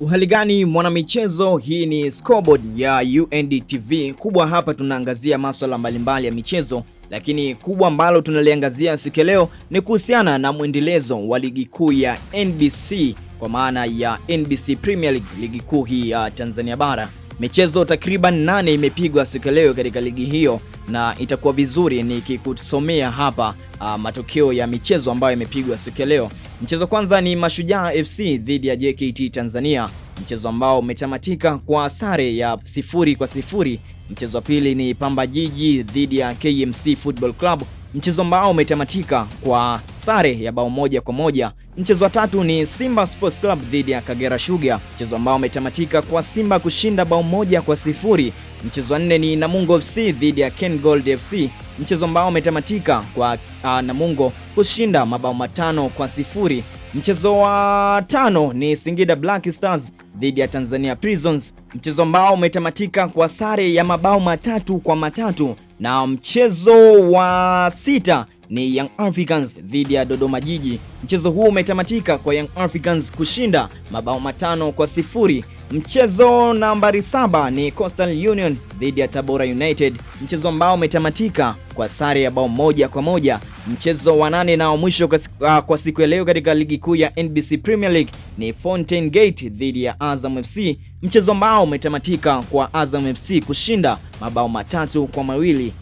Uhali gani mwanamichezo, hii ni scoreboard ya undtv kubwa. Hapa tunaangazia masuala mbalimbali ya michezo, lakini kubwa ambalo tunaliangazia siku ya leo ni kuhusiana na mwendelezo wa ligi kuu ya NBC kwa maana ya NBC Premier League, ligi kuu hii ya Tanzania bara. Michezo takriban nane imepigwa siku ya leo katika ligi hiyo na itakuwa vizuri nikikusomea hapa uh, matokeo ya michezo ambayo yamepigwa siku ya leo. Mchezo kwanza ni Mashujaa FC dhidi ya JKT Tanzania, mchezo ambao umetamatika kwa sare ya sifuri kwa sifuri. Mchezo wa pili ni Pamba Jiji dhidi ya KMC Football Club mchezo ambao umetamatika kwa sare ya bao moja kwa moja. Mchezo wa tatu ni Simba Sports Club dhidi ya Kagera Sugar, mchezo ambao umetamatika kwa Simba kushinda bao moja kwa sifuri. Mchezo wa nne ni Namungo FC dhidi ya Ken Gold FC, mchezo ambao umetamatika kwa uh, Namungo kushinda mabao matano kwa sifuri. Mchezo wa tano ni Singida Black Stars dhidi ya Tanzania Prisons, mchezo ambao umetamatika kwa sare ya mabao matatu kwa matatu na mchezo wa sita ni Young Africans dhidi ya Dodoma Jiji. Mchezo huo umetamatika kwa Young Africans kushinda mabao matano kwa sifuri Mchezo nambari saba ni Coastal Union dhidi ya Tabora United, mchezo ambao umetamatika kwa sare ya bao moja kwa moja. Mchezo wa nane wa mwisho ah, kwa siku ya leo katika ligi kuu ya NBC Premier League ni Fountain Gate dhidi ya Azam FC, mchezo ambao umetamatika kwa Azam FC kushinda mabao matatu kwa mawili.